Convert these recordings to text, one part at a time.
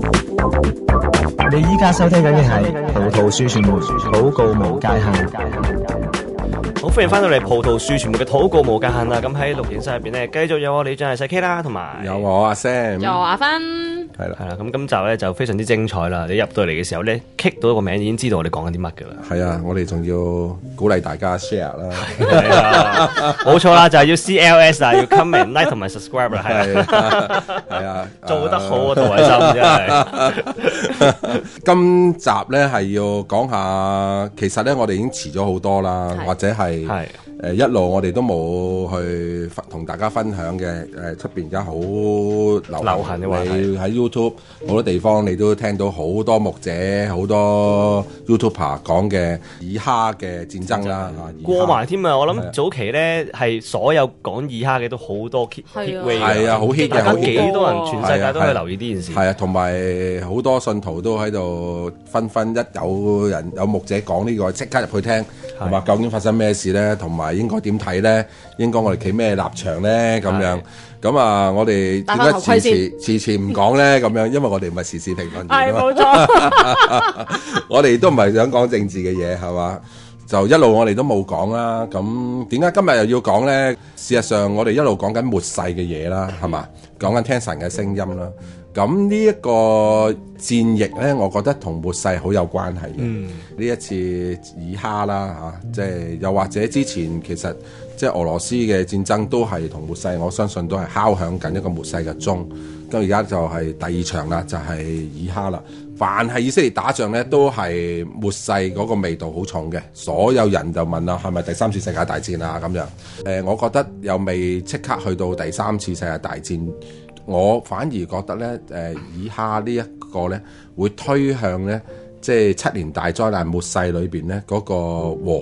你依家收聽緊嘅係《葡萄樹傳媒禱告無界限》，好歡迎翻到嚟《葡萄樹傳媒嘅禱告無界限》啦！咁喺錄影室入邊咧，繼續有我李俊毅細 K 啦，同埋有我阿 Sam，有阿芬。係啦，係啦，咁今集咧就非常之精彩啦！你入到嚟嘅時候咧，kick 到個名已經知道我哋講緊啲乜噶啦。係 啊，我哋仲要鼓勵大家 share 啦，係啊，冇錯啦，就係、是、要 CLS 啊，要 comment like 同埋 subscribe 啦，係係啊， 做得好啊，杜偉心。真係。今集咧係要講下，其實咧我哋已經遲咗好多啦，的或者係。誒一路我哋都冇去同大家分享嘅，誒出邊而家好流行嘅話題，喺 YouTube 好多地方你都聽到好多牧者、好多 YouTuber 講嘅以哈嘅戰爭啦。下過埋添啊！我諗早期咧係所有講以哈嘅都好多係啊，好 heat 嘅，好 heat 嘅，幾多人，全世界都去留意呢件事？係啊，同埋好多信徒都喺度紛紛，一有人有牧者講呢個，即刻入去聽。同埋究竟發生咩事咧？同埋應該點睇咧？應該我哋企咩立場咧？咁樣咁啊！我哋點解遲遲遲遲唔講咧？咁樣因為我哋唔係時事評論員啊嘛。我哋都唔係想講政治嘅嘢，係嘛？就一路我哋都冇講啦。咁點解今日又要講咧？事實上我哋一路講緊末世嘅嘢啦，係嘛？講緊 聽神嘅聲音啦。咁呢一個戰役呢，我覺得同末世好有關係嘅。呢、嗯、一次以哈啦嚇，即、啊、係、就是、又或者之前其實即係、就是、俄羅斯嘅戰爭都係同末世，我相信都係敲響緊一個末世嘅鐘。咁而家就係第二場啦，就係、是、以哈啦。凡係以色列打仗呢，都係末世嗰個味道好重嘅。所有人就問啦，係咪第三次世界大戰啊？咁樣誒、呃，我覺得又未即刻去到第三次世界大戰。我反而覺得呢，誒以下呢一個呢，會推向呢，即係七年大災難末世裏邊呢嗰、嗰個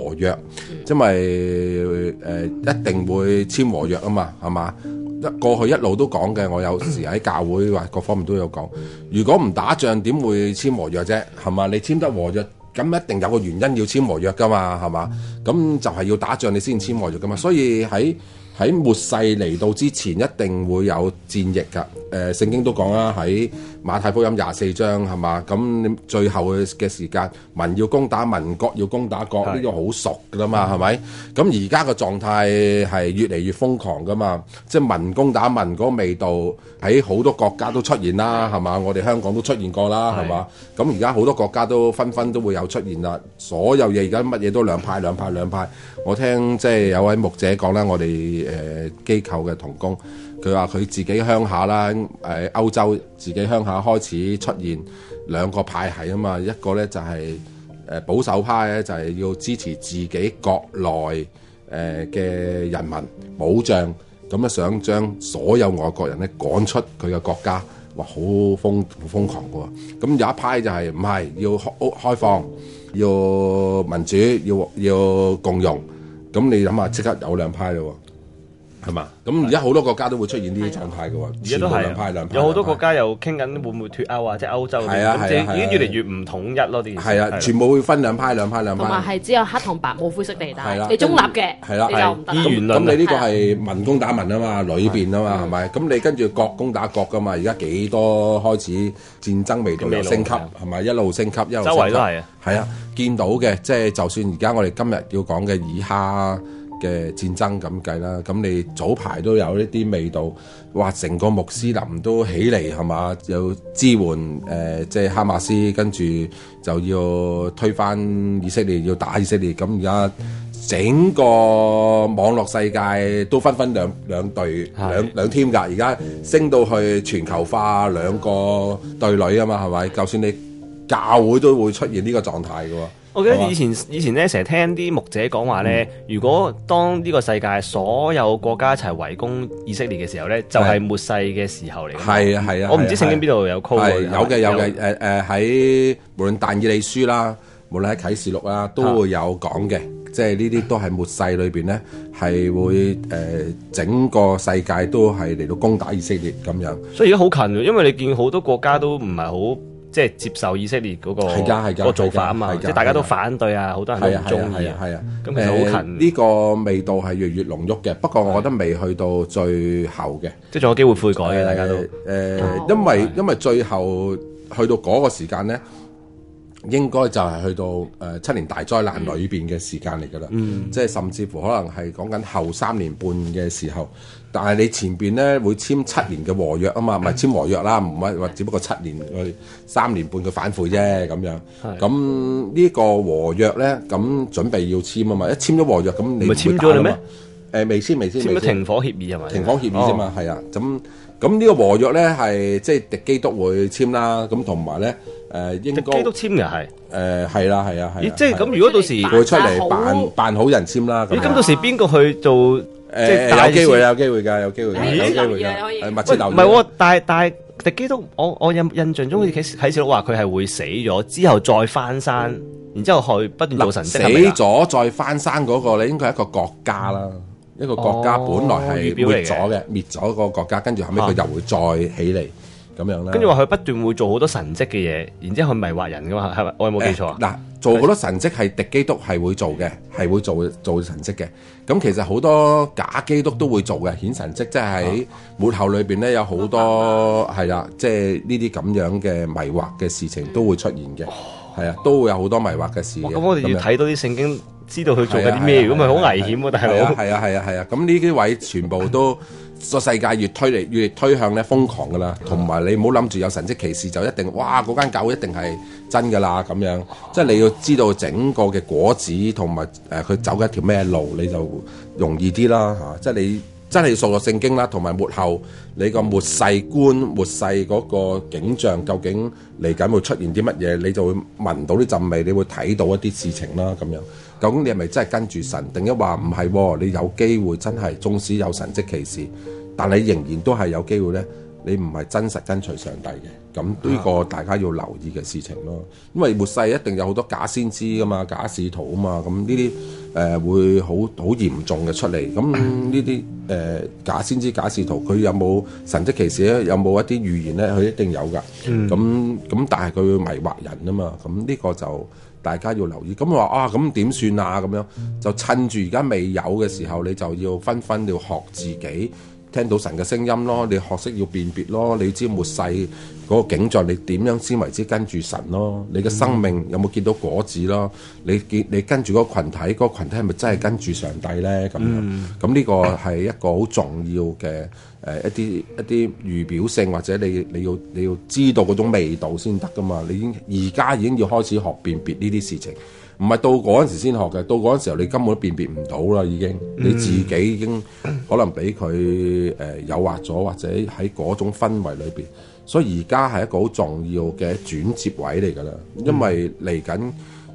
和約，因為誒、呃、一定會簽和約啊嘛，係嘛？過去一路都講嘅，我有時喺教會或各方面都有講。如果唔打仗點會簽和約啫？係嘛？你簽得和約，咁一定有個原因要簽和約㗎嘛，係嘛？咁就係要打仗你先簽和約㗎嘛，所以喺。喺末世嚟到之前，一定會有戰役㗎。誒、呃，聖經都講啦，喺馬太福音廿四章係嘛？咁最後嘅時間，民要攻打民，國要攻打國，呢個好熟㗎嘛？係咪？咁而家嘅狀態係越嚟越瘋狂㗎嘛？即、就、係、是、民攻打民嗰個味道，喺好多國家都出現啦，係嘛？我哋香港都出現過啦，係嘛的？咁而家好多國家都紛紛都會有出現啦。所有嘢而家乜嘢都兩派 兩派兩派。我聽即係、就是、有位牧者講啦，我哋。誒機構嘅同工，佢話佢自己鄉下啦，誒歐洲自己鄉下開始出現兩個派系啊嘛，一個咧就係誒保守派咧，就係要支持自己國內誒嘅人民保障，咁啊想將所有外國人咧趕出佢嘅國家，哇好瘋好瘋狂嘅喎。咁有一派就係唔係要開開放，要民主，要要共融。咁你諗下，即刻有兩派咯。係嘛？咁而家好多國家都會出現呢啲狀態嘅喎，全部兩派兩派。有好多國家又傾緊會唔會脫歐啊？即係歐洲。係啊係已經越嚟越唔統一咯，啲嘢。係啊，全部會分兩派兩派兩派。同係只有黑同白，冇灰色地帶。係啦。你中立嘅。係啦。你又唔得。咁你呢個係民攻打民啊嘛，裏面啊嘛，係咪？咁你跟住國攻打國㗎嘛？而家幾多開始戰爭未到有升級，係咪一路升級一路？周圍都係。係啊，見到嘅即係就算而家我哋今日要講嘅以哈嘅戰爭咁計啦，咁你早排都有一啲味道，話成個穆斯林都起嚟係嘛，又支援誒、呃、即係哈馬斯，跟住就要推翻以色列，要打以色列。咁而家整個網絡世界都分分兩兩隊的兩兩 team 㗎，而家升到去全球化兩個對壘啊嘛，係咪？就算你教會都會出現呢個狀態㗎喎。我記得以前以前咧，成日聽啲牧者講話咧，如果當呢個世界所有國家一齊圍攻以色列嘅時候咧，就係末世嘅時候嚟。係啊，係啊，我唔知聖經邊度有講？有嘅，有嘅，誒誒喺無論但以理書啦，無論喺啟示錄啦，都會有講嘅，即係呢啲都係末世裏邊咧，係會誒整個世界都係嚟到攻打以色列咁樣。所以而家好近，因為你見好多國家都唔係好。即係接受以色列嗰、那個嗰個做法啊嘛，即係大家都反對啊，好的多人都唔中意啊。係啊，咁其實好近呢、呃這個味道係越嚟越濃郁嘅，不過我覺得未的去到最後嘅，即係仲有機會悔改嘅，大家都誒，因為因為最後去到嗰個時間咧。應該就係去到誒、呃、七年大災難裏邊嘅時間嚟㗎啦，嗯、即係甚至乎可能係講緊後三年半嘅時候，但係你前邊咧會簽七年嘅和約啊嘛，唔係簽和約啦，唔係話只不過七年佢三年半嘅反悔啫咁樣。咁呢是個和約咧，咁準備要簽啊嘛，一簽咗和約咁你唔係簽咗啦咩？誒、呃、未簽未簽未簽停火協議係咪？停火協議啫嘛、哦，係啊，咁。咁呢個和約咧係即係敵基督會簽啦，咁同埋咧誒應該敵基督簽嘅係誒係啦係啊係。咦，即係咁如果到時佢會出嚟辦辦好人簽啦。咦，咁到時邊個去做即誒？有機會有機會㗎，有機會有機會㗎。咦，留意係密切留意。唔係喎，但但敵基督我我印印象中，啟睇小佬話佢係會死咗之後再翻山，然之後去不斷做神。死咗再翻山嗰個咧，應該係一個國家啦。一個國家本來係滅咗嘅，滅咗個國家，跟住後屘佢又會再起嚟咁樣咧。跟住話佢不斷會做好多神跡嘅嘢，然之後佢迷惑人㗎嘛？係咪？我有冇記錯啊？嗱，做好多神跡係敵基督係會做嘅，係會做做神跡嘅。咁其實好多假基督都會做嘅，顯神跡，即係喺末後裏邊咧有好多係啦，即係呢啲咁樣嘅迷惑嘅事情都會出現嘅。係啊，都會有好多迷惑嘅事。咁我哋要睇到啲聖經。知道佢做緊啲咩，咁咪好危險喎！大佬係啊係啊係啊，咁呢啲位，全部都個世界越推嚟越推向咧瘋狂噶啦，同埋你唔好諗住有神蹟奇事就一定哇嗰間教一定係真噶啦咁樣，即係你要知道整個嘅果子同埋誒佢走嘅一條咩路，你就容易啲啦嚇。即係你真係要熟讀聖經啦，同埋末後。你個末世觀、末世嗰個景象究竟嚟緊會出現啲乜嘢？你就會聞到啲陣味，你會睇到一啲事情啦。咁樣，究竟你係咪真係跟住神？定一話唔係？你有機會真係，縱使有神蹟奇事，但你仍然都係有機會呢。你唔係真實跟隨上帝嘅，咁呢個大家要留意嘅事情咯。因為末世一定有好多假先知噶嘛，假使徒啊嘛，咁呢啲誒會好好嚴重嘅出嚟。咁呢啲誒假先知、假使徒，佢有冇神蹟奇事咧？有冇一啲預言咧？佢一定有噶。咁咁、嗯，但係佢會迷惑人啊嘛。咁呢個就大家要留意。咁話啊，咁點算啊？咁樣就趁住而家未有嘅時候，你就要分分要學自己。聽到神嘅聲音咯，你學識要辨別咯，你知末世嗰個景象，你點樣先為之跟住神咯？你嘅生命有冇見到果子咯？你見你跟住嗰個羣體，嗰個羣體係咪真係跟住上帝咧？咁樣咁呢個係一個好重要嘅誒、呃、一啲一啲預表性，或者你你要你要知道嗰種味道先得噶嘛。你而家已經要開始學辨別呢啲事情。唔係到嗰陣時先學嘅，到嗰陣時候你根本都辨別唔到啦，已經你自己已經可能俾佢誒誘惑咗，或者喺嗰種氛圍裏邊。所以而家係一個好重要嘅轉折位嚟㗎啦，因為嚟緊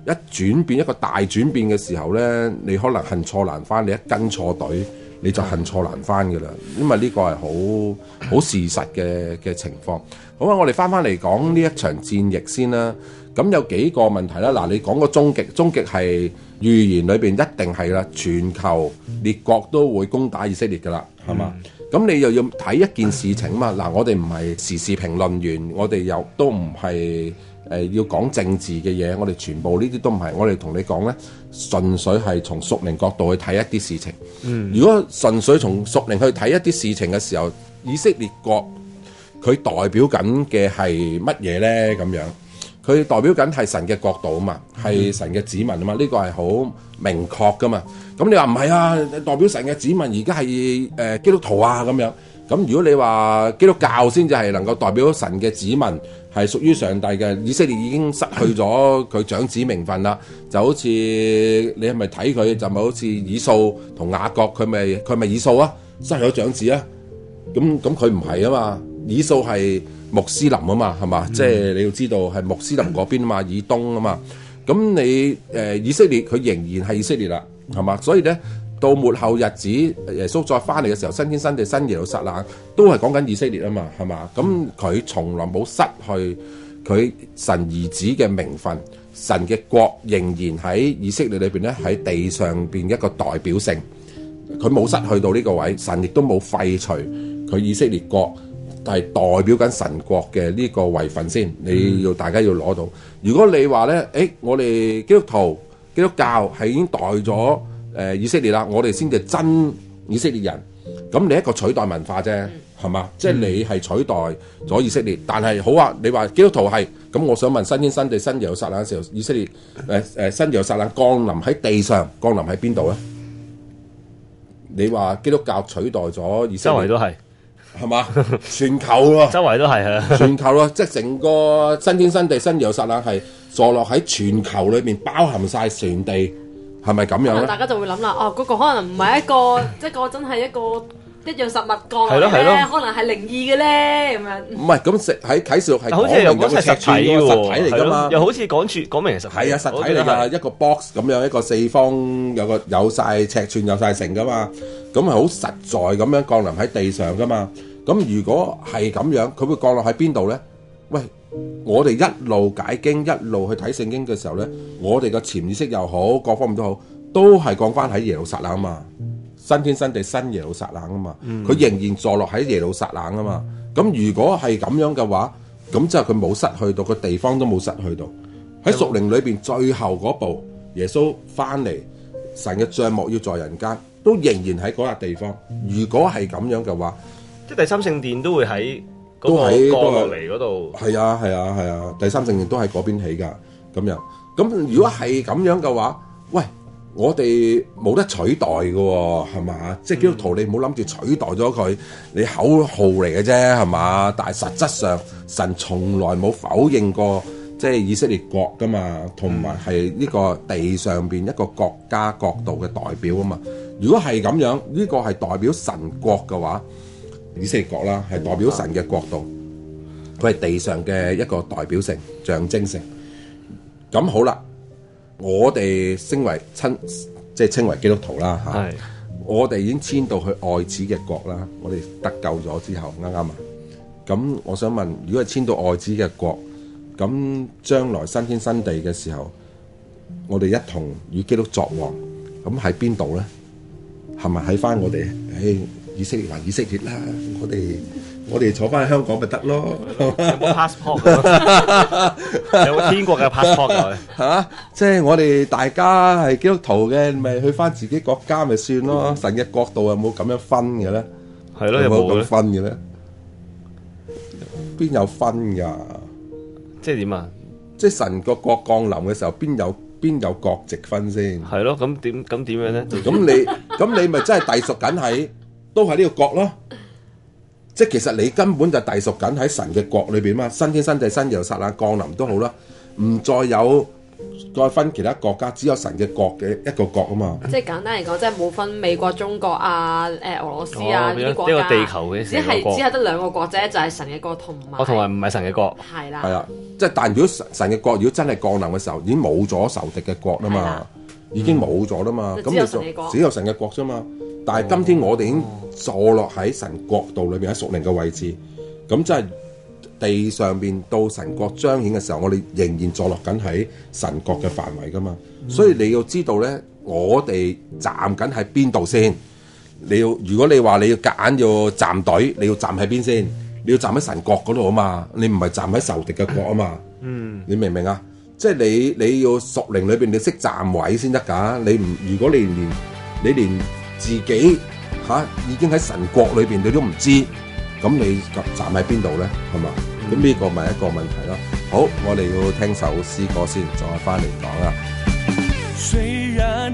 一轉變一個大轉變嘅時候咧，你可能恨錯難返，你一跟錯隊你就恨錯難返㗎啦，因為呢個係好好事實嘅嘅情況。好啊，我哋返返嚟講呢一場戰役先啦。咁有幾個問題啦？嗱，你講個終極，終極係預言裏邊一定係啦，全球列國都會攻打以色列噶啦，係嘛、嗯？咁你又要睇一件事情嘛？嗱，我哋唔係時事評論員，我哋又都唔係誒要講政治嘅嘢，我哋全部呢啲都唔係。我哋同你講呢，純粹係從屬靈角度去睇一啲事情。嗯，如果純粹從屬靈去睇一啲事情嘅時候，以色列國佢代表緊嘅係乜嘢呢？咁樣？佢代表緊係神嘅國度啊嘛，係神嘅子民啊嘛，呢、這個係好明確噶嘛。咁你話唔係啊？代表神嘅子民而家係誒基督徒啊咁樣。咁如果你話基督教先至係能夠代表神嘅子民，係屬於上帝嘅，以色列已經失去咗佢長子名分啦。 就好似你係咪睇佢就咪好似以掃同雅各佢咪佢咪以掃啊，失去咗長子啊。咁咁佢唔係啊嘛，以掃係。穆斯林啊嘛，係嘛？嗯、即係你要知道係穆斯林嗰邊啊嘛，以東啊嘛。咁你誒、呃、以色列佢仍然係以色列啦、啊，係嘛？所以咧到末後日子，耶穌再翻嚟嘅時候，新天新地，新耶路撒冷，都係講緊以色列啊嘛，係嘛？咁佢從來冇失去佢神兒子嘅名分，神嘅國仍然喺以色列裏邊咧，喺地上邊一個代表性，佢冇失去到呢個位，神亦都冇廢除佢以色列國。係代表緊神國嘅呢個位份先，你要大家要攞到。如果你話呢，誒，我哋基督徒、基督教係已經代咗誒以色列啦，我哋先至真以色列人。咁你一個取代文化啫，係嘛？即係你係取代咗以色列。但係好啊，你話基督徒係咁，我想問新天新地、新耶路撒冷嘅時候，以色列誒誒新耶路撒冷降臨喺地上，降臨喺邊度呢？你話基督教取代咗以色列，周圍都係。係嘛？全球咯， 周圍都係啊！ 全球咯，即係成個新天新地新耶路撒冷係坐落喺全球裏面，包含晒全地，係咪咁樣咧，嗯？大家就會諗啦，哦，嗰、嗰個可能唔係一個， 即個真一個真係一個。一樣實物降臨嘅咧，可能係靈異嘅咧，咁樣。唔係，咁食喺啟示錄係，好似又講係實體嘅實體嚟噶嘛？又好似講住講明實體係啊，實體嚟嘅一個 box 咁樣，一個四方有個有晒尺寸，有晒成噶嘛。咁係好實在咁樣降臨喺地上噶嘛。咁如果係咁樣，佢會降落喺邊度咧？喂，我哋一路解經，一路去睇聖經嘅時候咧，我哋嘅潛意識又好，各方面都好，都係降翻喺耶路撒冷啊嘛。新天新地，新耶路撒冷啊嘛，佢仍然坐落喺耶路撒冷啊嘛。咁如果係咁樣嘅話，咁就佢冇失去到，個地方都冇失去到。喺屬靈裏邊最後嗰步，耶穌翻嚟，神嘅帳幕要在人間，都仍然喺嗰笪地方。如果係咁樣嘅話，即係第三聖殿都會喺都喺降落嚟嗰度。係啊係啊係啊，第三聖殿都喺嗰邊起噶。咁樣，咁如果係咁樣嘅話，喂。我哋冇得取代嘅，哦，係嘛？即係基督徒，你唔好諗住取代咗佢，你口號嚟嘅啫，係嘛？但係實質上，神從來冇否認過，即係以色列國噶嘛，同埋係呢個地上面一個國家國度嘅代表啊嘛。如果係咁樣，呢，呢個係代表神國嘅話，以色列國啦，係代表神嘅國度，佢係地上嘅一個代表性象徵性。咁好啦。我哋稱為親，即係稱為基督徒啦嚇。啊、是我哋已經遷到去愛子嘅國啦。我哋得救咗之後，啱啱啊？咁我想問，如果係遷到愛子嘅國，咁將來新天新地嘅時候，我哋一同與基督作王，咁喺邊度咧？係咪喺翻我哋？唉、嗯哎，以色列還、啊、以色列啦、啊，我哋。我哋坐翻去香港咪得咯？有冇 passport？有冇天國嘅 passport？吓，即係我哋大家係基督徒嘅，咪去翻自己國家咪算咯？神嘅國度有冇咁樣分嘅咧？係咯，有冇咁樣分嘅咧？邊有分噶？即係點啊？即係神個國降臨嘅時候，邊有邊有國籍分先？係咯，咁點咁點樣咧？咁你咁你咪真係隸屬緊喺都係呢個國咯？即係其實你根本就隸屬緊喺神嘅國裏邊嘛，新天新地新耶路撒冷降臨都好啦，唔再有再分其他國家，只有神嘅國嘅一個國啊嘛。即係簡單嚟講，即係冇分美國、中國啊、誒俄羅斯啊呢、哦、國啊個地球嘅一個只係只係得兩個國啫，就係、是、神嘅國我同埋。哦，同埋唔係神嘅國。係啦的。係啊的，即係但如果神嘅國如果真係降臨嘅時候，已經冇咗仇敵嘅國啦嘛，的嗯、已經冇咗啦嘛，咁、嗯、就只有神嘅國。只有神嘅國啫嘛。但係今天我哋已經坐落喺神國度裏邊喺屬靈嘅位置，咁即係地上邊到神國彰顯嘅時候，我哋仍然坐落緊喺神國嘅範圍噶嘛。所以你要知道咧，我哋站緊喺邊度先？你要如果你話你要夾硬要站隊，你要站喺邊先？你要站喺神國嗰度啊嘛。你唔係站喺仇敵嘅國啊嘛。嗯，你明唔明啊？即係你你要屬靈裏邊，你識站位先得㗎。你唔如果你連你連自己吓、啊，已經喺神國裏邊，你都唔知，咁你站喺邊度咧？係嘛？咁呢個咪一個問題咯。好，我哋要聽首詩歌先，再翻嚟講啊。雖然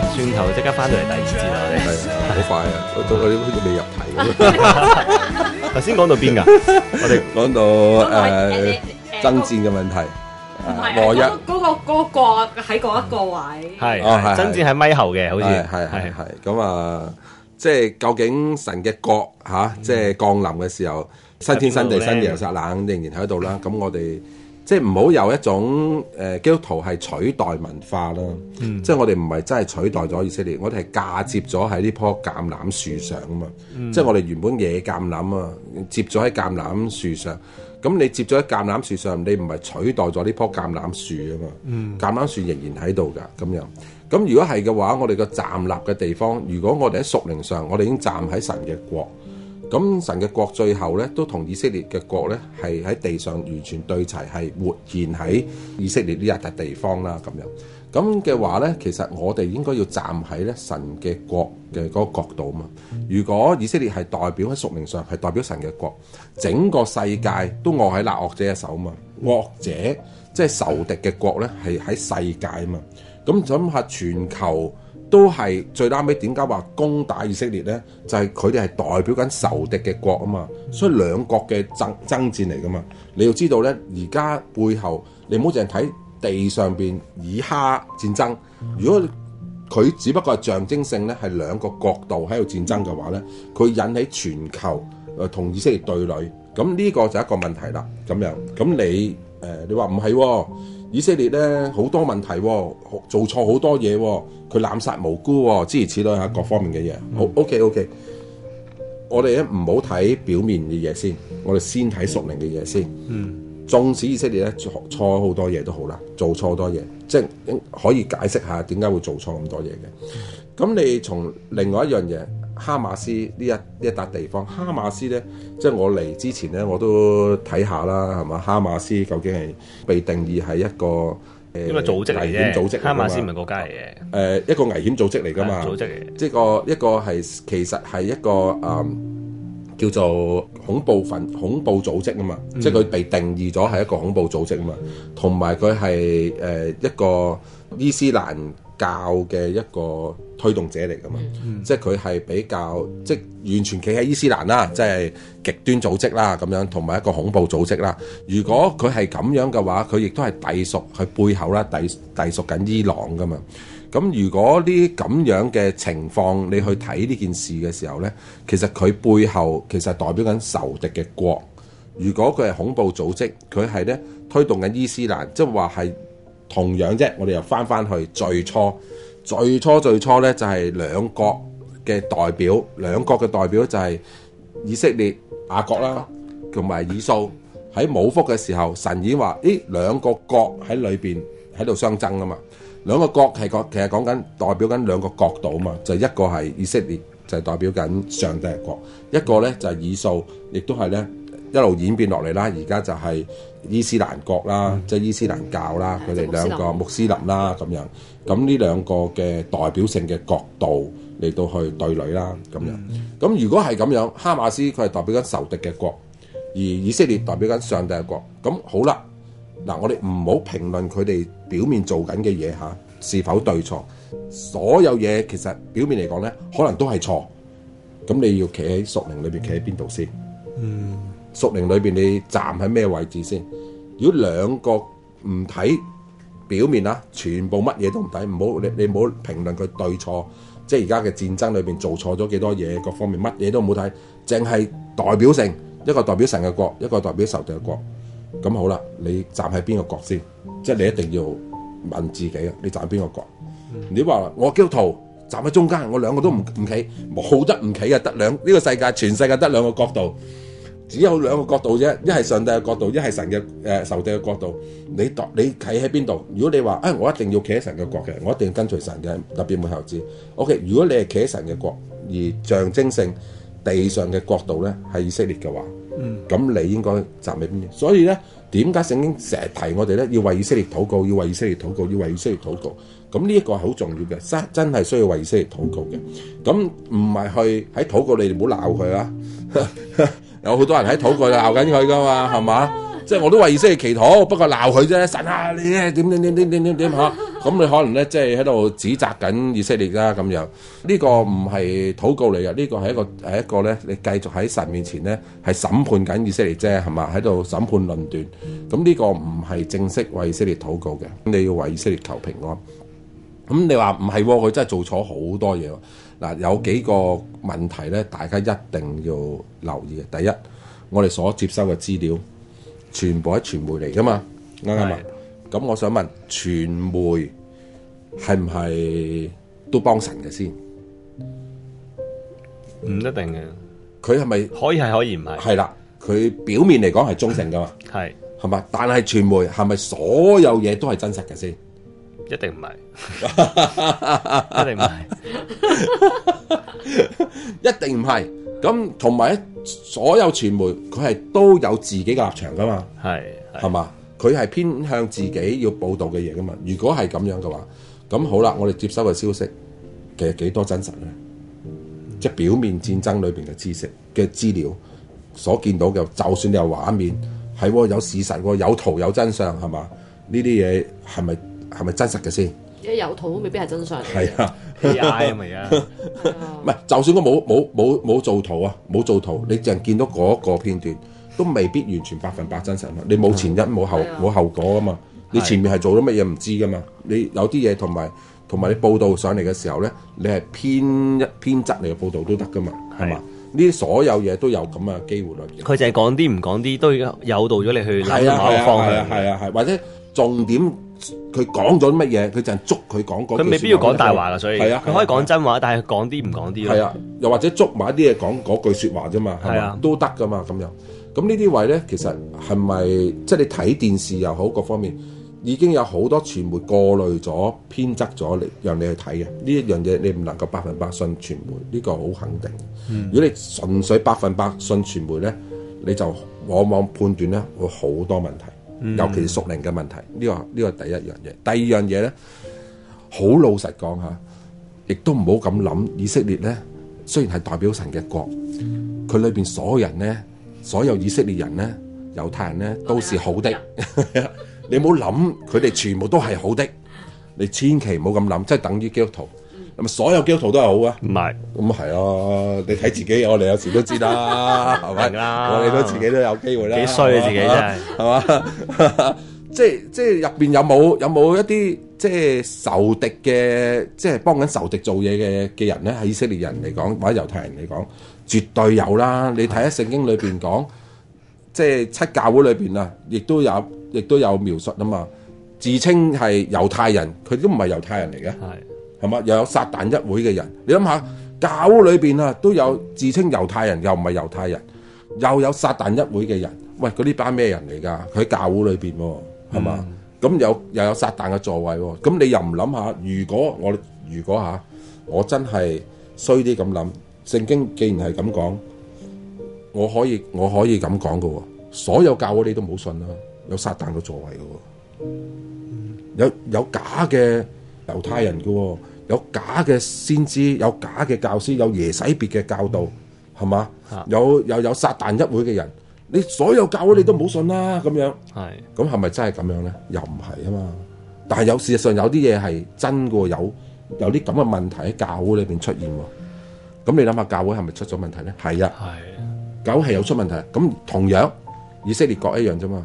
轉頭即刻翻到嚟第二節，我哋係啊，好快啊，都我哋未入題咁。頭先講到邊噶？我哋講到誒，爭戰嘅問題。唔係，嗰個嗰個嗰個角喺嗰一個位。係哦，係爭戰喺咪後嘅，好似係係係。咁啊，即係究竟神嘅國吓，即係降臨嘅時候，新天新地，新耶路撒冷，仍然喺度啦。咁我哋。即係唔好有一種誒、呃、基督徒係取代文化啦。嗯、即係我哋唔係真係取代咗以色列，我哋係嫁接咗喺呢樖橄欖樹上啊嘛，嗯、即係我哋原本野橄欖啊，接咗喺橄欖樹上，咁你接咗喺橄欖樹上，你唔係取代咗呢樖橄欖樹啊嘛，嗯、橄欖樹仍然喺度㗎，咁樣，咁如果係嘅話，我哋個站立嘅地方，如果我哋喺屬靈上，我哋已經站喺神嘅國。咁神嘅國最後咧，都同以色列嘅國咧，係喺地上完全對齊，係活現喺以色列呢一笪地方啦。咁樣咁嘅話咧，其實我哋應該要站喺咧神嘅國嘅嗰個角度啊嘛。如果以色列係代表喺屬靈上係代表神嘅國，整個世界都卧喺喇惡者嘅手啊嘛。惡者即係、就是、仇敵嘅國咧，係喺世界啊嘛。咁諗下全球。都係最啱尾，點解話攻打以色列呢？就係佢哋係代表緊仇敵嘅國啊嘛，所以兩國嘅爭爭戰嚟㗎嘛。你要知道呢，而家背後你唔好淨係睇地上面以哈戰爭。如果佢只不過係象徵性呢，係兩個國度喺度戰爭嘅話呢，佢引起全球誒同、呃、以色列對壘，咁呢個就係一個問題啦。咁樣咁你誒、呃，你話唔係喎？以色列咧好多問題、哦，做錯好多嘢、哦，佢濫殺無辜、哦，諸如此類吓各方面嘅嘢。好、mm hmm. OK OK，我哋咧唔好睇表面嘅嘢先，我哋先睇屬靈嘅嘢先。嗯、mm，hmm. 縱使以色列咧錯錯好多嘢都好啦，做錯多嘢，即係可以解釋下點解會做錯咁多嘢嘅。咁、mm hmm. 你從另外一樣嘢。哈馬斯呢一一笪地方，哈馬斯咧，即係我嚟之前咧，我都睇下啦，係嘛？哈馬斯究竟係被定義係一個、呃、因為組織危險組織，哈馬斯唔係國家嚟嘅，誒、呃、一個危險組織嚟噶嘛？組織嚟，即係個一個係其實係一個誒、呃、叫做恐怖份恐怖組織啊嘛，嗯、即係佢被定義咗係一個恐怖組織啊嘛，同埋佢係誒一個伊斯蘭。教嘅一個推動者嚟噶嘛，mm hmm. 即係佢係比較即係完全企喺伊斯蘭啦，mm hmm. 即係極端組織啦咁樣，同埋一個恐怖組織啦。如果佢係咁樣嘅話，佢亦都係隸屬佢背後啦，隸隸屬緊伊朗噶嘛。咁如果呢啲咁樣嘅情況，你去睇呢件事嘅時候呢，其實佢背後其實代表緊仇敵嘅國。如果佢係恐怖組織，佢係呢推動緊伊斯蘭，即係話係。同樣啫，我哋又翻翻去最初、最初、最初呢，就係、是、兩國嘅代表，兩國嘅代表就係以色列雅各啦，同埋以掃喺母腹嘅時候，神已經話，誒兩個國喺裏邊喺度相爭㗎嘛，兩個國係講其實講緊代表緊兩個國度啊嘛，就一個係以色列就是、代表緊上帝嘅國，一個呢，就係、是、以掃，亦都係呢。一路演變落嚟啦，而家就係伊斯蘭國啦，即係伊斯蘭教啦，佢哋兩個穆斯林啦咁樣。咁呢兩個嘅代表性嘅角度嚟到去對壘啦咁樣。咁如果係咁樣，哈馬斯佢係代表緊仇敵嘅國，而以色列代表緊上帝嘅國。咁好啦，嗱我哋唔好評論佢哋表面做緊嘅嘢嚇是否對錯。所有嘢其實表面嚟講呢，可能都係錯。咁你要企喺屬靈裏邊企喺邊度先？嗯。屬靈裏邊，面你站喺咩位置先？如果兩個唔睇表面啦，全部乜嘢都唔睇，唔好你你唔好評論佢對錯。即係而家嘅戰爭裏邊做錯咗幾多嘢，各方面乜嘢都唔好睇，淨係代表性一個代表神嘅國，一個代表仇敵嘅國。咁好啦，你站喺邊個國先？即係你一定要問自己啊，你站喺邊個國？你話我基督徒站喺中間，我兩個都唔唔企，冇得唔企啊！得兩呢個世界，全世界得兩個角度。只有兩個角度啫，一係上帝嘅角度，一係神嘅誒仇敵嘅角度。你度你企喺邊度？如果你話啊，我一定要企喺神嘅國嘅，我一定要跟隨神嘅特別末後子。O.K. 如果你係企喺神嘅國而象徵性地上嘅國度咧，係以色列嘅話，咁你應該企喺邊？所以咧點解聖經成日提我哋咧要為以色列禱告，要為以色列禱告，要為以色列禱告？咁呢一個係好重要嘅，真真係需要為以色列禱告嘅。咁唔係去喺禱告，你哋唔好鬧佢啊！有好多人喺禱告鬧緊佢噶嘛，係嘛？即係我都為以色列祈禱，不過鬧佢啫。神啊，你啊點點點點點點點吓？咁你可能咧即係喺度指責緊以色列啦，咁樣呢個唔係禱告嚟嘅，呢個係一個係一個咧，你繼續喺神面前咧係審判緊以色列啫，係嘛？喺度審判論斷，咁呢個唔係正式為以色列禱告嘅，你要為以色列求平安。咁你話唔係？佢真係做錯好多嘢。嗱，有幾個問題咧，大家一定要留意嘅。第一，我哋所接收嘅資料，全部係傳媒嚟噶嘛？啱啱啊？咁我想問，傳媒係唔係都幫神嘅先？唔一定嘅，佢係咪可以係可以唔係？係啦，佢表面嚟講係忠誠噶嘛。係的，係嘛的？但係傳媒係咪所有嘢都係真實嘅先？一定唔係， 一定唔係， 一定唔係。咁同埋，所有傳媒佢係都有自己嘅立場噶嘛，係係嘛，佢係偏向自己要報道嘅嘢噶嘛。如果係咁樣嘅話，咁好啦，我哋接收嘅消息其實幾多真實咧？即係表面戰爭裏邊嘅知識嘅資料，所見到嘅，就算你有畫面係喎，有事實喎，有圖有真相，係嘛，呢啲嘢係咪？係咪真實嘅先？一有圖都未必係真相。係啊，AI 咪啊！唔係，就算我冇冇冇冇做圖啊，冇做圖，你淨係見到嗰個片段，都未必完全百分百真實。你冇前因，冇後冇後果啊嘛！你前面係做咗乜嘢唔知噶嘛？你有啲嘢同埋同埋你報道上嚟嘅時候咧，你係編一編輯嚟嘅報道都得噶嘛？係嘛？呢啲所有嘢都有咁嘅機會咯。佢淨係講啲唔講啲，都有導咗你去諗某個方向。係啊係，或者重點。佢講咗乜嘢，佢就係捉佢講嗰。佢未必要講大話噶，所以。係啊。佢、啊、可以講真話，啊、但係佢講啲唔講啲。係啊，又或者捉埋啲嘢講嗰句説話啫嘛，係啊，都得噶嘛咁樣。咁呢啲位咧，其實係咪即係你睇電視又好，各方面已經有好多傳媒過濾咗、編輯咗嚟，讓你去睇嘅呢一樣嘢，你唔能夠百分百信傳媒，呢、呢個好肯定。嗯、如果你純粹百分百信傳媒咧，你就往往判斷咧會好多問題，尤其是屬靈嘅問題，呢個呢個第一樣嘢。第二樣嘢咧，好老實講嚇，亦都唔好咁諗。以色列咧，雖然係代表神嘅國，佢裏邊所有人咧，所有以色列人咧、猶太人咧，都是好的。 你唔好諗，佢哋全部都係好的。你千祈唔好咁諗，即係等於基督徒。咁啊，所有基督徒都係好是、嗯、啊！唔係，咁啊係咯，你睇自己，我哋有時都知啦，係咪？啦，我哋都自己都有機會啦、啊。幾衰啊，自己啊，係嘛是吧？ 即係即係入邊有冇有冇一啲即係仇敵嘅，即係幫緊仇敵做嘢嘅嘅人咧？喺以色列人嚟講，或者猶太人嚟講，絕對有啦。你睇喺聖經裏邊講， 即係七教會裏邊啊，亦都有亦都有描述啊嘛。自稱係猶太人，佢都唔係猶太人嚟嘅，係。 係嘛，又有撒但一會嘅人，你諗下教會裏邊啊，都有自稱猶太人又唔係猶太人，又有撒但一會嘅人。喂，嗰啲班咩人嚟噶？佢喺教會裏邊喎，係嘛？咁、嗯、有又有撒但嘅座位喎、哦。咁你又唔諗下？如果我如果嚇、啊、我真係衰啲咁諗，聖經既然係咁講，我可以我可以咁講噶喎。所有教會你都唔好信咯，有撒但嘅座位噶喎、哦，有有假嘅。猶太人嘅、哦，有假嘅先知，有假嘅教師，有耶洗別嘅教導，係嘛、嗯吧？有又有撒旦一會嘅人，你所有教會你都唔好信啦咁樣。係、嗯，咁係咪真係咁樣咧？又唔係啊嘛。但係有事實上有啲嘢係真嘅，有有啲咁嘅問題喺教會裏邊出現。咁你諗下教會係咪出咗問題咧？係啊，啊教會係有出問題。咁同樣以色列國一樣啫嘛。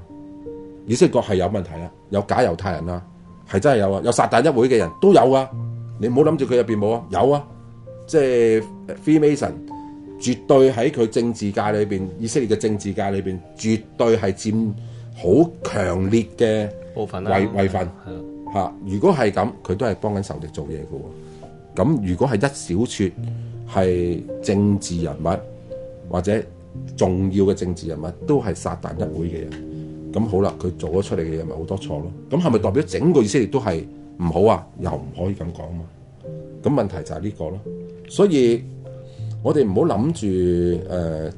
以色列國係有問題啦，有假猶太人啦、啊。係真係有啊，有撒但一會嘅人都有啊，你唔好諗住佢入邊冇啊，有啊，即、就、係、是、Freemason 絕對喺佢政治界裏邊，以色列嘅政治界裏邊，絕對係佔好強烈嘅部分啦、啊，位位份，嚇、啊，如果係咁，佢都係幫緊仇敵做嘢嘅喎，咁、啊、如果係一小撮係政治人物或者重要嘅政治人物，都係撒但一會嘅人。嗯咁好啦，佢做咗出嚟嘅嘢咪好多錯咯？咁係咪代表整個以色列都係唔好啊？又唔可以咁講嘛？咁問題就係呢個咯。所以我哋唔好諗住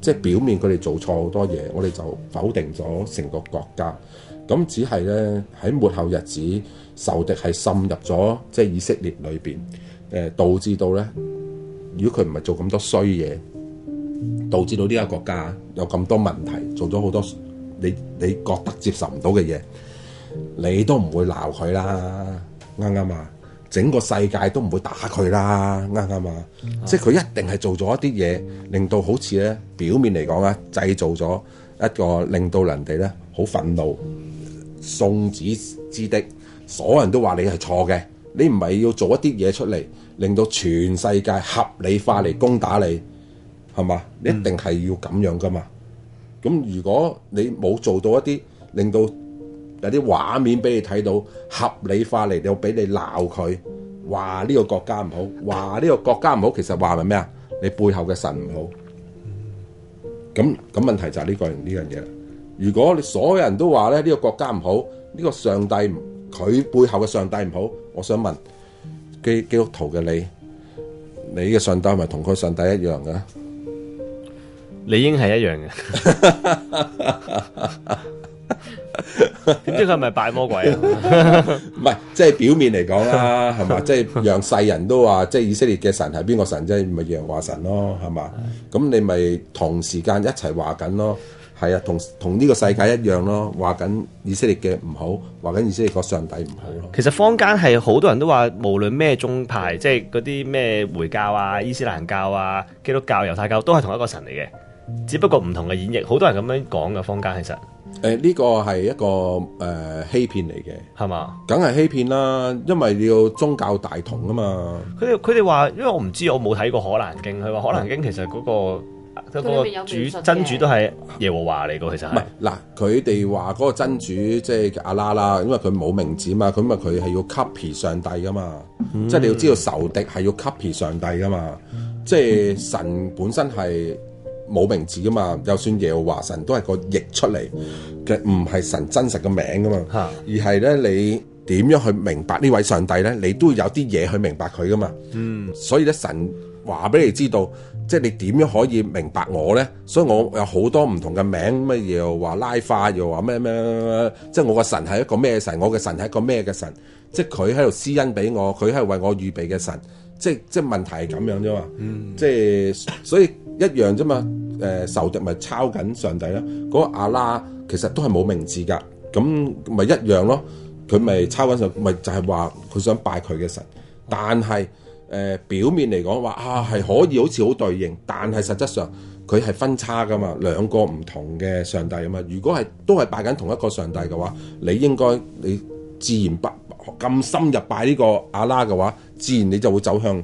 誒，即係表面佢哋做錯好多嘢，我哋就否定咗成個國家。咁只係咧喺末後日子，仇敵係滲入咗即係以色列裏邊，誒導致到咧，如果佢唔係做咁多衰嘢，導致到呢個國家有咁多問題，做咗好多。你你覺得接受唔到嘅嘢，你都唔會鬧佢啦，啱唔啱啊？整個世界都唔會打佢啦，啱唔啱啊？嗯、即係佢一定係做咗一啲嘢，令到好似咧表面嚟講咧，製造咗一個令到人哋咧好憤怒，眾矢之的，所有人都話你係錯嘅，你唔係要做一啲嘢出嚟，令到全世界合理化嚟攻打你，係嘛？你一定係要咁樣噶嘛？咁如果你冇做到一啲令到有啲畫面俾你睇到合理化嚟，又俾你鬧佢話呢個國家唔好，話呢個國家唔好，其實話咪咩啊？你背後嘅神唔好。咁咁問題就係呢個呢樣嘢啦。如果你所有人都話咧呢個國家唔好，呢個上帝佢背後嘅上帝唔好，我想問基基督徒嘅你，你嘅上帝係咪同佢上帝一樣嘅？理應係一樣嘅，點知佢係咪拜魔鬼啊？唔 係， 即係表面嚟講啦，係嘛？即係讓世人都話，即係以色列嘅神係邊個神即啫？咪耶和華神咯，係嘛？咁、 嗯、你咪同時間一齊話緊咯，係啊，同同呢個世界一樣咯，話緊以色列嘅唔好，話緊以色列個上帝唔好咯。其實坊間係好多人都話，無論咩宗派，即係嗰啲咩回教啊、伊斯蘭教啊、基督教、猶太教，都係同一個神嚟嘅。只不過唔同嘅演繹，好多人咁樣講嘅。坊間，其實誒呢個係一個誒、呃、欺騙嚟嘅，係嘛吧？梗係欺騙啦，因為你要宗教大同啊嘛。佢佢哋話，因為我唔知，我冇睇過《可蘭經》，佢話《可蘭經》其實嗰個個主真主都係耶和華嚟噶，其實唔係嗱，佢哋話嗰個真主即係阿拉啦，因為佢冇名字啊嘛，佢因為佢係要 copy 上帝噶嘛，即係你要知道仇敵係要 copy 上帝噶嘛，即係神本身係。R 數 Alexander mm. R 冇名字噶嘛，就算耶和華神都係個譯出嚟嘅，唔係神真實嘅名噶嘛，啊、而係咧你點樣去明白呢位上帝咧，你都有啲嘢去明白佢噶嘛。嗯，所以咧神話俾你知道，即係你點樣可以明白我咧，所以我有好多唔同嘅名，乜嘢又話拉花，又話咩咩，即係、就是、我個神係一個咩神，我嘅神係一個咩嘅神，即係佢喺度施恩俾我，佢係為我預備嘅神。即係即係問題係咁樣啫嘛，嗯、即係所以一樣啫嘛，誒、呃、仇敵咪抄緊上帝咯，嗰、那個阿拉其實都係冇名字㗎，咁咪一樣咯，佢咪抄緊上帝咪就係話佢想拜佢嘅神，但係誒、呃、表面嚟講話啊係可以好似好對應，但係實質上佢係分叉㗎嘛，兩個唔同嘅上帝啊嘛，如果係都係拜緊同一個上帝嘅話，你應該你自然不。咁深入拜呢個阿拉嘅話，自然你就會走向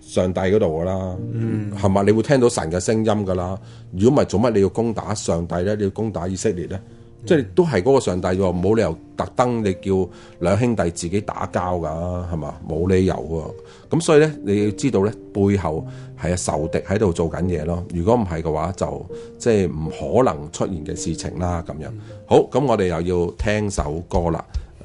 上帝嗰度噶啦，係咪、mm hmm.？你會聽到神嘅聲音噶啦。如果唔係做乜你要攻打上帝咧？你要攻打以色列咧？Mm hmm. 即係都係嗰個上帝喎，冇理由特登你叫兩兄弟自己打交噶，係嘛？冇理由喎。咁所以咧，你要知道咧，背後係仇敵喺度做緊嘢咯。如果唔係嘅話，就即係唔可能出現嘅事情啦。咁樣、mm hmm. 好，咁我哋又要聽首歌啦。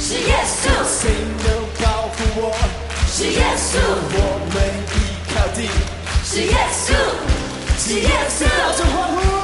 是耶穌，誰能保護我？是耶穌，我們依靠的。是耶穌，是耶穌，耶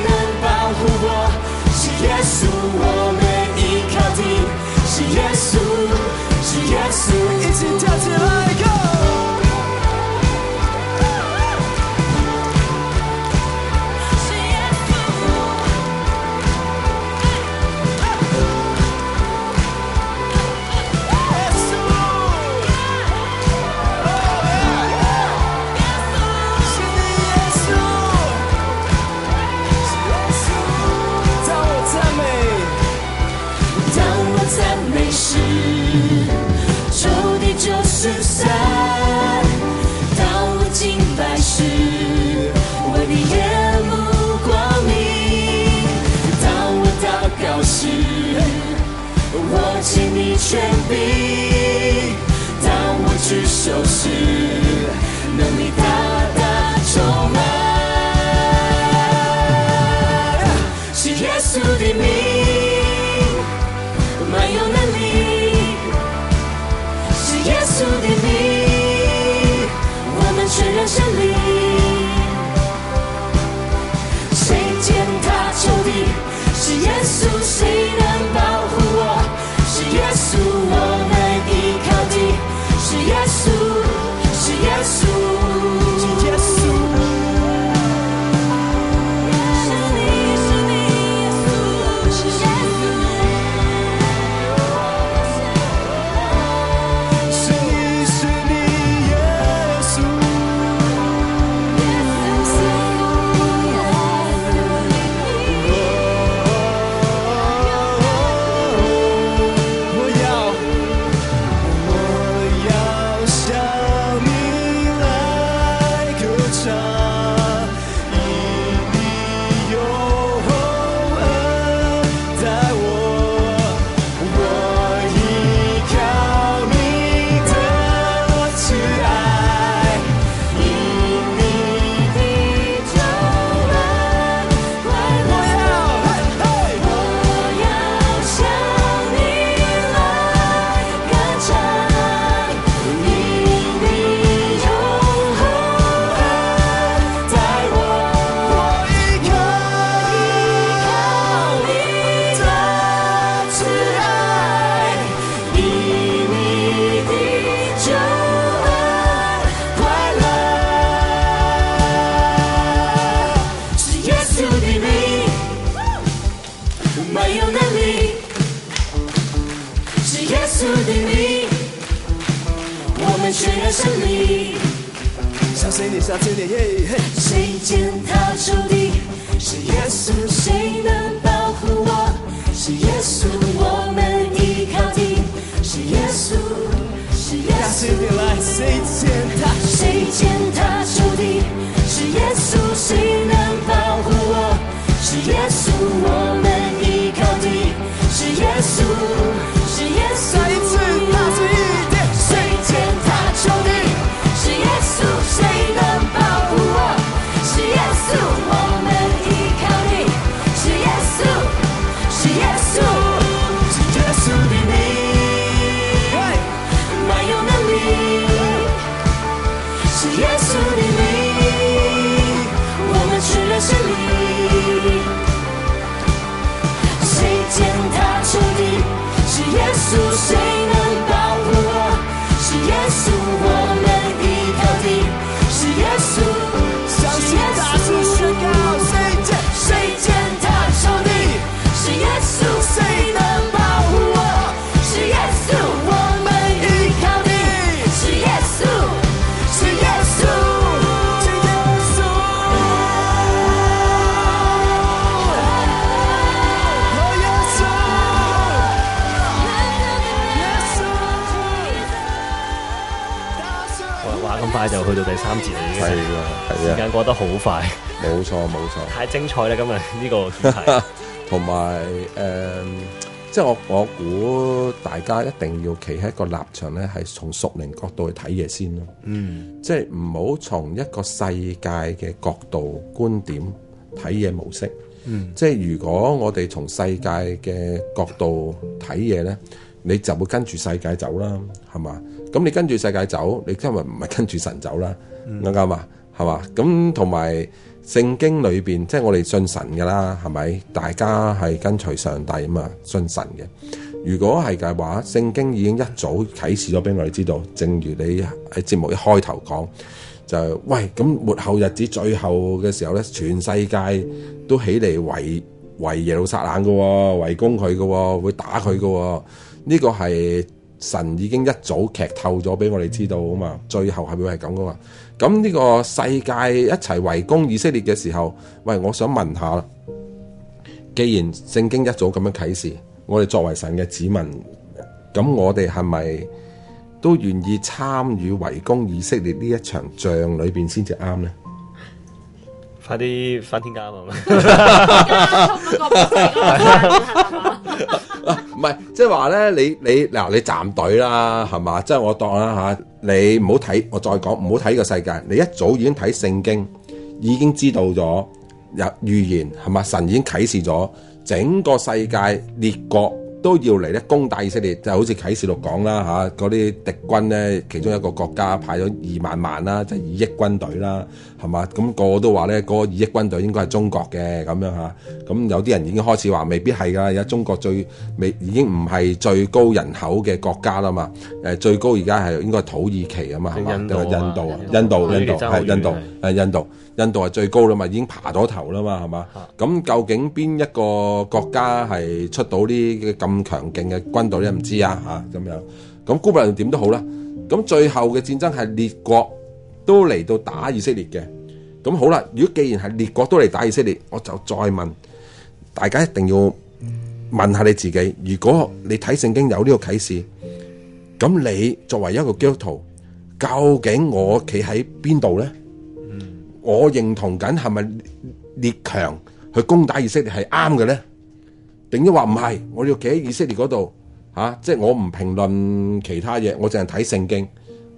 去到第三節啦，已經係啊，時間過得好快，冇錯冇錯，太精彩啦！今日呢個主題同埋誒，即係我我估大家一定要企喺一個立場咧，係從屬靈角度去睇嘢先咯。嗯，即係唔好從一個世界嘅角度觀點睇嘢模式。嗯，即係如果我哋從世界嘅角度睇嘢咧，你就會跟住世界走啦，係嘛？咁你跟住世界走，你今日唔係跟住神走啦，啱唔啱啊？係嘛？咁同埋聖經裏邊，即係我哋信神噶啦，係咪？大家係跟隨上帝啊嘛，信神嘅。如果係嘅話，聖經已經一早啟示咗俾我哋知道，正如你喺節目一開頭講，就喂，咁末後日子最後嘅時候咧，全世界都起嚟圍圍耶路撒冷噶喎，圍攻佢噶喎，會打佢噶喎，呢個係。神已經一早劇透咗俾我哋知道啊嘛，最後係會係咁噶嘛？咁呢個世界一齊圍攻以色列嘅時候，喂，我想問下，既然聖經一早咁樣啟示，我哋作為神嘅子民，咁我哋係咪都願意參與圍攻以色列呢一場仗裏邊先至啱呢？快啲翻天家啊。啊，唔係即係話咧，你你，嗱，你站隊啦，係嘛？即係我當啦吓，啊，你唔好睇，我再講唔好睇個世界。你一早已經睇聖經，已經知道咗有預言係嘛？神已經啟示咗整個世界列國都要嚟咧攻打以色列，就好似啟示錄講啦吓，嗰啲敵軍咧，其中一個國家派咗二萬萬啦，即係二億軍隊啦。啊係嘛？咁個個都話咧，嗰個二億軍隊應該係中國嘅咁樣吓。咁有啲人已經開始話未必係㗎。而家中國最未已經唔係最高人口嘅國家啦嘛。誒，最高而家係應該係土耳其啊嘛，係嘛？印度、印度、印度係印度，係印度，印度係最高啦嘛，已經爬咗頭啦嘛，係嘛？咁究竟邊一個國家係出到啲咁強勁嘅軍隊咧？唔知啊嚇咁樣。咁 Google 點都好啦。咁最後嘅戰爭係列國。都嚟到打以色列嘅，咁好啦。如果既然係列國都嚟打以色列，我就再問大家一定要問下你自己：如果你睇聖經有呢個啟示，咁你作為一個基督徒，究竟我企喺邊度咧？我認同緊係咪列強去攻打以色列係啱嘅咧？定都話唔係？我要企喺以色列嗰度啊！即係我唔評論其他嘢，我淨係睇聖經。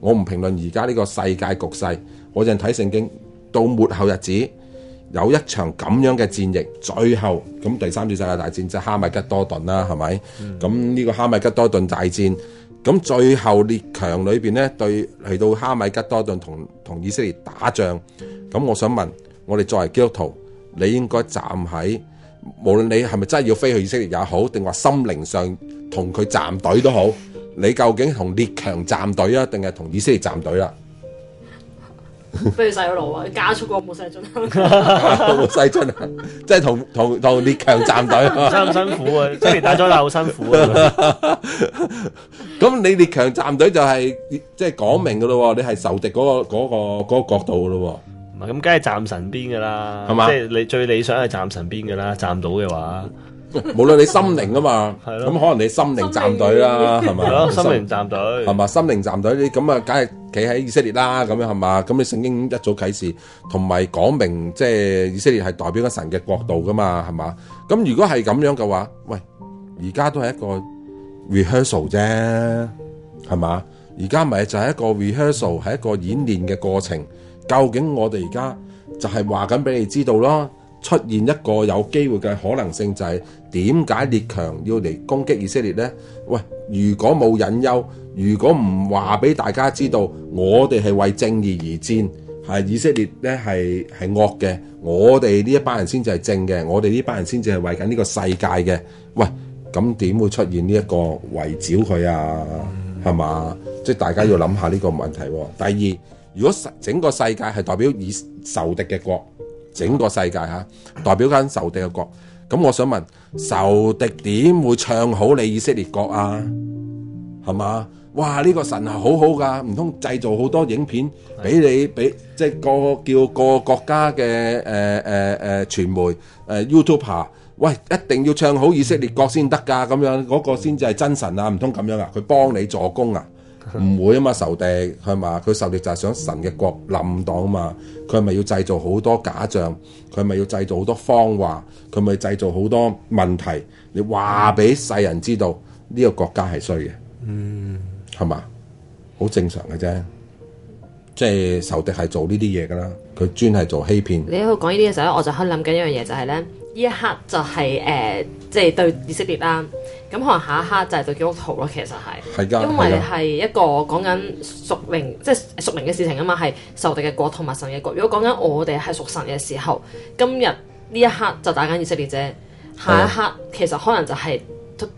我唔評論而家呢個世界局勢，我淨係睇聖經。到末後日子有一場咁樣嘅戰役，最後咁第三次世界大戰就係、是、哈米吉多頓啦，係咪？咁呢、嗯、個哈米吉多頓大戰，咁最後列強裏邊呢，對嚟到哈米吉多頓同同以色列打仗，咁我想問我哋作為基督徒，你應該站喺無論你係咪真係要飛去以色列也好，定話心靈上同佢站隊都好。你究竟同列強站隊啊，定係同以色列站隊啦？不如洗個腦啊， 加速過冇晒樽，冇晒樽啊！ 即係同同同列強站隊、啊，真係咁辛苦啊！即係打咗架好辛苦啊！咁 你列強站隊就係即係講明噶咯，你係仇敵嗰、嗰個、嗰個、嗰個角度噶咯。唔係咁，梗係站神邊噶啦，即係嗎你最理想係站神邊噶啦，站到嘅話。 無論你心靈啊嘛，咁的、嗯、可能你心靈站隊啦，係咪的？吧心靈站隊，係咪？ 心靈站隊，你咁啊，梗係企喺以色列啦，咁樣係嘛？咁你聖經一早啟示，同埋講明，即、就、係、是、以色列係代表個神嘅國度噶嘛，係嘛？咁如果係咁樣嘅話，喂，而家都係一個 rehearsal 啫，係嘛？而家咪就係一個 rehearsal，係一個演練嘅過程。究竟我哋而家就係話緊俾你知道囉，出現一個有機會嘅可能性就係、是。點解列強要嚟攻擊以色列呢？喂，如果冇隱憂，如果唔話俾大家知道，我哋係為正義而戰，係以色列呢係係惡嘅，我哋呢一班人先至係正嘅，我哋呢班人先至係為緊呢個世界嘅。喂，咁點會出現呢一個圍剿佢啊？係嘛？即係、嗯、大家要諗下呢個問題，啊。第二，如果整個世界係代表以仇敵嘅國，整個世界嚇、啊、代表緊仇敵嘅國，咁我想問。仇敵點會唱好你以色列國啊？係嘛？哇！呢、這個神係好好噶，唔通製造好多影片俾你俾即係個叫個國家嘅誒誒誒傳媒誒 YouTube 拍，呃、YouTuber，喂，一定要唱好以色列國先得噶，咁樣嗰、那個先至係真神啊！唔通咁樣啊？佢幫你助攻啊？唔會啊嘛，仇敵係嘛？佢仇敵就係想神嘅國冧檔啊嘛，佢係咪要製造好多假象，佢係咪要製造好多謊話，佢咪製造好多問題，你話俾世人知道呢個國家係衰嘅，嗯，係嘛？好正常嘅啫，即係仇敵係做呢啲嘢噶啦，佢專係做欺騙。你喺度講呢啲嘅時候，我就喺度諗緊一樣嘢，就係咧。呢一刻就係、是、誒、呃，即係對以色列啦，啊。咁，嗯、可能下一刻就係對基督徒咯。其實係的因為係一個講緊的屬靈，即係屬靈嘅事情啊嘛。係仇敵嘅國同埋神嘅國。如果講緊我哋係屬神嘅時候，今日呢一刻就打緊以色列啫。的下一刻其實可能就係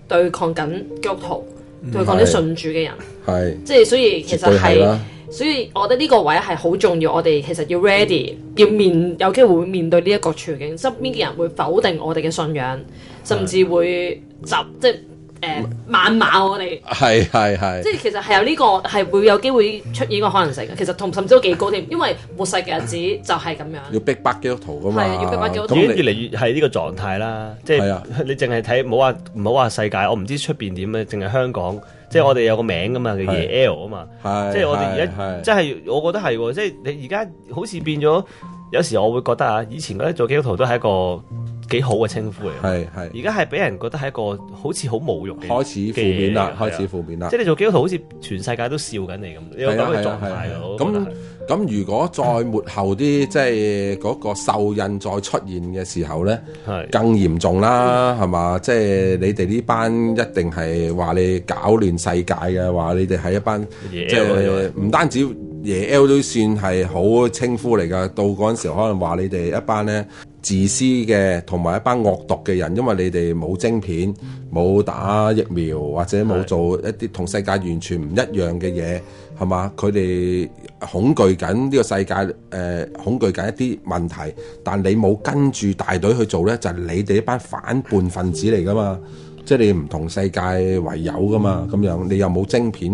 對抗緊基督徒，的對抗啲信主嘅人。係即係，所以其實係。所以，我覺得呢個位係好重要。我哋其實要 ready，嗯、要面有機會面對呢一個處境。身邊嘅人會否定我哋嘅信仰，甚至會集，嗯、即係誒、呃、猛馬我哋。係係係。即係其實係有呢、呢個，係會有機會出現一個可能性。其實同甚至都幾高添，因為末世嘅日子就係咁樣要，要逼迫基督徒㗎嘛。係要逼迫基督徒。你越嚟越係呢個狀態啦。係啊，的你淨係睇，唔好話唔好話世界。我唔知出面點嘅，淨係香港。即係我哋有個名㗎嘛，叫耶是 L 啊嘛，是即係我哋而家，即係我覺得係，即係你而家好似變咗，有時我會覺得啊，以前嗰啲做基督徒都係一個幾好嘅稱呼嚟，係係而家係俾人覺得係一個好似好侮辱嘅開始負面啦，開始負面啦。即係你做基督徒，好似全世界都笑緊你咁，呢個咁嘅狀態。咁咁，如果再末後啲，即係嗰個受印再出現嘅時候咧，係更嚴重啦，係嘛？即係你哋呢班一定係話你搞亂世界嘅，話你哋係一班，即係唔單止耶 L 都算係好稱呼嚟㗎。到嗰陣時可能話你哋一班咧。自私嘅同埋一班惡毒嘅人，因為你哋冇晶片、冇打疫苗、嗯、或者冇做一啲同世界完全唔一樣嘅嘢，係嘛的？佢哋恐懼緊呢個世界，誒、呃、恐懼緊一啲問題。但你冇跟住大隊去做呢，就係、是、你哋一班反叛分子嚟噶嘛？即係你唔同世界為友噶嘛？咁樣你又冇晶，晶片，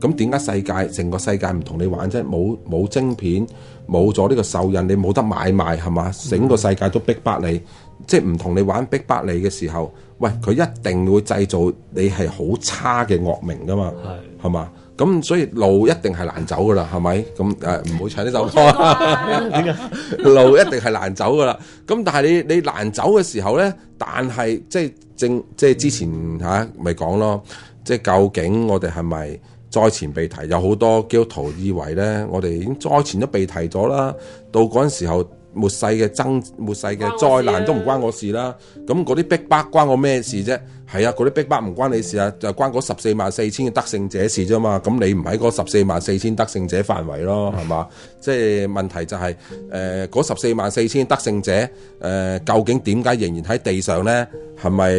咁點解世界成個世界唔同你玩啫？冇冇晶片？冇咗呢個獸印，你冇得買賣係嘛？整個世界都逼迫你，即係唔同你玩，逼迫你嘅時候，喂，佢一定會製造你係好差嘅惡名噶嘛？係係嘛？咁所以路一定係難走噶啦，係咪？咁誒唔好唱呢首歌， 路一定係難走噶啦。咁但係你你難走嘅時候咧，但係即係正即係之前嚇咪講咯，即係究竟我哋係咪？災前被提，有好多基督徒以為咧，我哋已經災前都被提咗啦。到嗰陣時候末世嘅爭、末世嘅災難都唔關我事啦。咁嗰啲逼迫關我咩事啫？係、嗯、啊，嗰啲逼迫唔關你事啊，嗯、就關嗰十四萬四千嘅得勝者事啫嘛。咁你唔喺嗰十四萬四千得勝者範圍咯，係嘛、嗯？即係、就是、問題就係、是，誒、呃，嗰十四萬四千得勝者，誒、呃，究竟點解仍然喺地上咧？係咪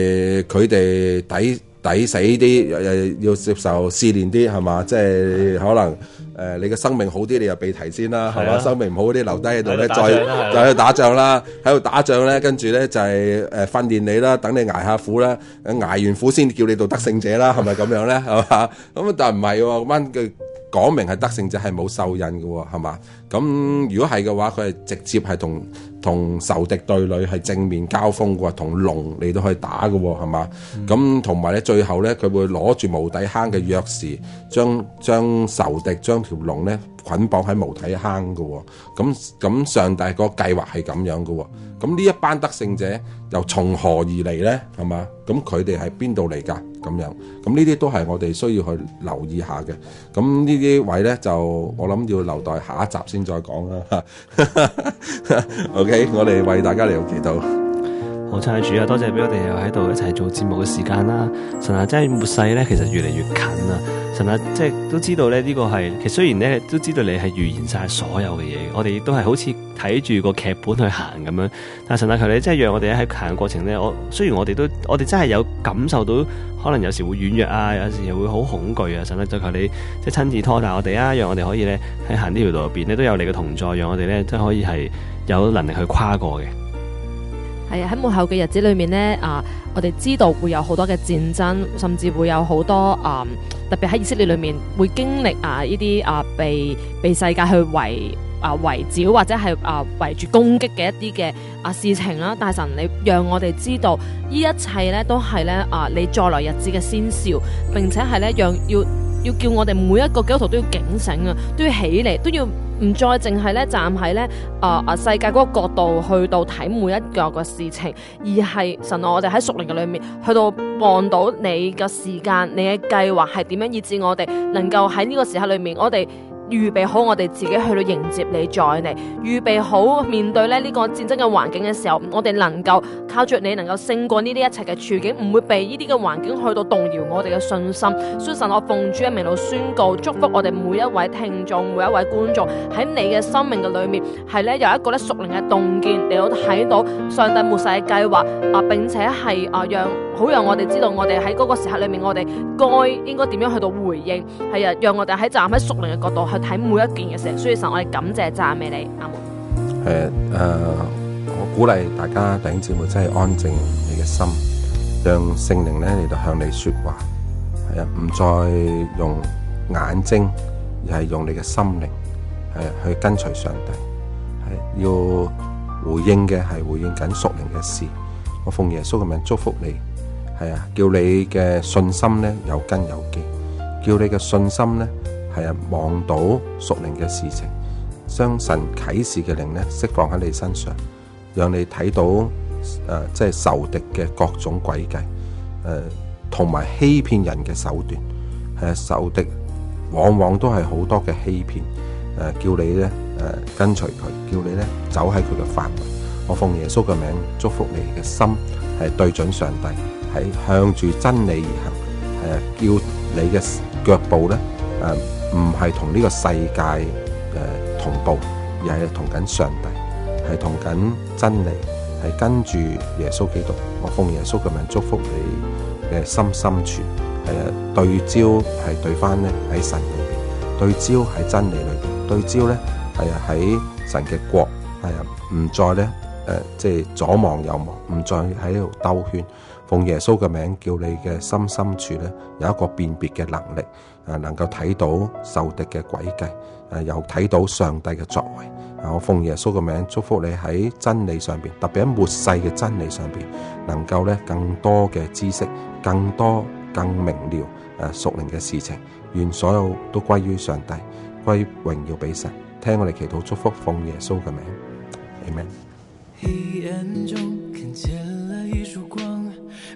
佢哋抵？抵死啲誒，要接受試煉啲係嘛？即係是可能誒、呃，你嘅生命好啲，你又被提先啦，係嘛、啊？生命唔好啲留低喺度咧，再再去打仗啦，喺度打仗咧，跟住咧就係誒訓練你啦，等你挨下苦啦，挨完苦先叫你做得勝者啦，係咪咁樣咧？係嘛？ 咁但係唔係喎？嗰班佢講明係得勝者係冇受孕嘅喎，係嘛？咁如果係嘅話，佢係直接係同。同仇敵對壘係正面交鋒嘅喎，同龍嚟到去打嘅喎、哦，係嘛？咁同埋咧，最後咧，佢會攞住無底坑嘅鑰匙，將將仇敵將條龍咧。捆綁喺無底坑嘅喎、哦，咁咁上帝個計劃係咁樣嘅喎、哦，咁呢一班得勝者又從何而嚟咧？係嘛，咁佢哋係邊度嚟㗎？咁樣，咁呢啲都係我哋需要去留意下嘅。咁呢啲位咧，就我諗要留待下一集先再講啦、啊。哈 ，OK，我哋為大家嚟到祈禱。好差，主啊，多謝俾我哋又喺度一齊做節目嘅時間啦。神啊，真係末世咧，其實越嚟越近啊。神啊，即係都知道咧呢、這個係，其實雖然咧都知道你係預言晒所有嘅嘢，我哋亦都係好似睇住個劇本去行咁樣。但係神啊，求你真係讓我哋喺行嘅過程咧，我雖然我哋都，我哋真係有感受到，可能有時會軟弱啊，有時會好恐懼啊，神啊，就求你即係親自拖帶我哋啊，讓我哋可以咧喺行呢條路入邊咧都有你嘅同在，讓我哋咧真係可以係有能力去跨過嘅。係喺末後嘅日子裏面咧，啊，我哋知道會有好多嘅戰爭，甚至會有好多啊，特別喺以色列裏面會經歷啊呢啲啊被被世界去圍啊圍剿或者係啊圍住攻擊嘅一啲嘅啊事情啦。大神，你讓我哋知道呢一切咧都係咧啊你再來日子嘅先兆，並且係咧讓要要叫我哋每一個基督徒都要警醒啊，都要起嚟，都要。唔再淨係咧站喺咧啊啊世界嗰個角度去到睇每一個嘅事情，而係神愛我哋喺屬靈嘅裏面去到望到你嘅時間，你嘅計劃係點樣，以致我哋能夠喺呢個時刻裏面，我哋。預備好，我哋自己去到迎接你再，再嚟預備好面對呢個戰爭嘅環境嘅時候，我哋能夠靠著你，能夠勝過呢啲一切嘅處境，唔會被呢啲嘅環境去到動搖我哋嘅信心。所以神，我奉主嘅名嚟宣告，祝福我哋每一位聽眾，每一位觀眾喺你嘅生命嘅裏面係呢有一個呢屬靈嘅洞見，你有睇到上帝末世嘅計劃啊，並且係啊讓。好讓我哋知道，我哋喺嗰個時刻裏面，我哋該應該點樣去到回應？係啊，讓我哋喺站喺屬靈嘅角度去睇每一件嘅事。所以神，我哋感謝讚美你，阿門。誒誒，我鼓勵大家，頂節目真係安靜你嘅心，讓聖靈咧嚟到向你說話。係啊，唔再用眼睛，而係用你嘅心靈，係去跟隨上帝。係要回應嘅係回應緊屬靈嘅事。我奉耶穌嘅名祝福你。係啊，叫你嘅信心咧有根有基，叫你嘅信心咧係啊望到屬靈嘅事情，將神啟示嘅靈咧釋放喺你身上，讓你睇到誒、呃、即係仇敵嘅各種詭計誒，同、呃、埋欺騙人嘅手段。係、呃、啊，仇敵往往都係好多嘅欺騙誒、呃，叫你咧誒、呃、跟隨佢，叫你咧走喺佢嘅範圍。我奉耶穌嘅名祝福你嘅心係對準上帝。喺向住真理而行，誒，叫你嘅腳步咧，誒，唔係同呢個世界誒同步，而係同緊上帝，係同緊真理，係跟住耶穌基督。我奉耶穌嘅名祝福你嘅心深處，係啊，對焦係對翻咧喺神裏邊，對焦係真理裏邊，對焦咧係啊喺神嘅國，係啊，唔再咧誒，即係左望右望，唔再喺度兜圈。奉耶穌嘅名，叫你嘅心深處咧有一個辨別嘅能力，啊能夠睇到仇敵嘅詭計，啊又睇到上帝嘅作為。我奉耶穌嘅名祝福你喺真理上邊，特別喺末世嘅真理上邊，能夠咧更多嘅知識，更多更明瞭誒屬靈嘅事情。願所有都歸於上帝，歸榮耀俾神。聽我哋祈禱祝福，奉耶穌嘅名，阿門。